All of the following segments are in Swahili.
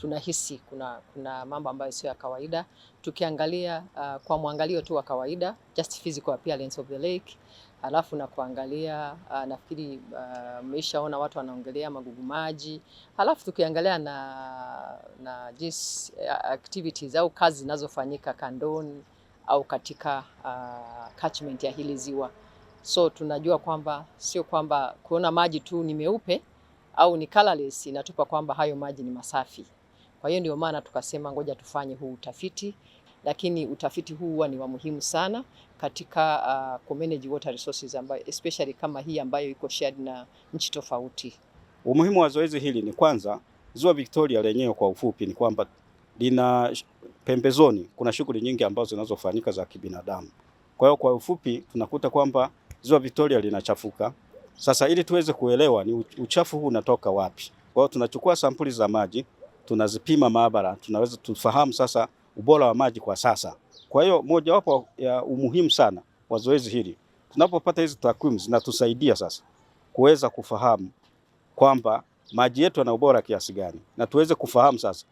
tunahisi kuna, kuna mambo ambayo sio ya kawaida. Tukiangalia uh, kwa mwangalio tu wa kawaida just physical appearance of the lake, alafu na kuangalia uh, nafikiri mmeshaona uh, watu wanaongelea magugu maji, alafu tukiangalia na, na just uh, activities au kazi zinazofanyika kandoni au katika uh, catchment ya hili ziwa. So tunajua kwamba sio kwamba kuona maji tu ni meupe au ni colorless inatupa kwamba hayo maji ni masafi. Kwa hiyo ndio maana tukasema ngoja tufanye huu utafiti, lakini utafiti huu huwa ni wa muhimu sana katika uh, kumanage water resources ambayo especially kama hii ambayo iko shared na nchi tofauti. Umuhimu wa zoezi hili ni kwanza, Ziwa Victoria lenyewe kwa ufupi ni kwamba lina pembezoni, kuna shughuli nyingi ambazo zinazofanyika za kibinadamu. Kwa hiyo kwa ufupi tunakuta kwamba Ziwa Victoria linachafuka. Sasa ili tuweze kuelewa ni uchafu huu unatoka wapi, kwa hiyo tunachukua sampuli za maji tunazipima maabara, tunaweza tufahamu sasa ubora wa maji kwa sasa. Kwa hiyo mojawapo ya umuhimu sana wa zoezi hili, tunapopata hizi takwimu zinatusaidia sasa kuweza kufahamu kwamba maji yetu yana ubora kiasi gani, na tuweze kufahamu sasa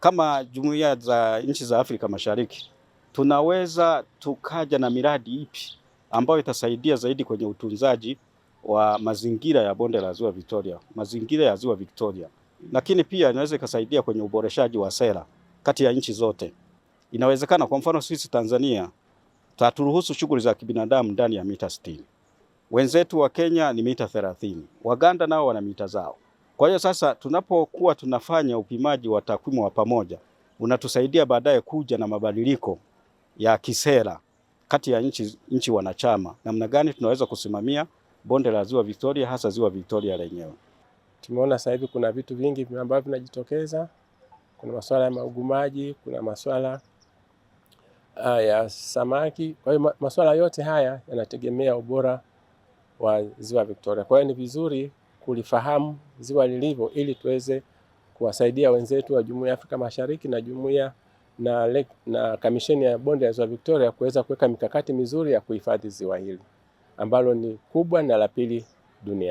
kama jumuiya za nchi za Afrika Mashariki tunaweza tukaja na miradi ipi ambayo itasaidia zaidi kwenye utunzaji wa mazingira ya bonde la Ziwa Victoria, mazingira ya Ziwa Victoria lakini pia inaweza ikasaidia kwenye uboreshaji wa sera kati ya nchi zote. Inawezekana kwa mfano sisi Tanzania taturuhusu shughuli za kibinadamu ndani ya mita 60. Wenzetu wa Kenya ni mita 30. Waganda nao wana mita zao. Kwa hiyo sasa tunapokuwa tunafanya upimaji wa takwimu wa pamoja unatusaidia baadaye kuja na mabadiliko ya kisera kati ya nchi, nchi wanachama, namna gani tunaweza kusimamia bonde la Ziwa Victoria hasa Ziwa Victoria lenyewe tumeona sasa hivi kuna vitu vingi ambavyo vinajitokeza. Kuna masuala ya maugumaji, kuna masuala uh, ah, ya samaki. Kwa hiyo masuala yote haya yanategemea ubora wa ziwa Victoria. Kwa hiyo ni vizuri kulifahamu ziwa lilivyo, ili tuweze kuwasaidia wenzetu wa Jumuiya ya Afrika Mashariki na jumuiya na, le, na kamisheni ya bonde ya ziwa Victoria kuweza kuweka mikakati mizuri ya kuhifadhi ziwa hili ambalo ni kubwa na la pili duniani.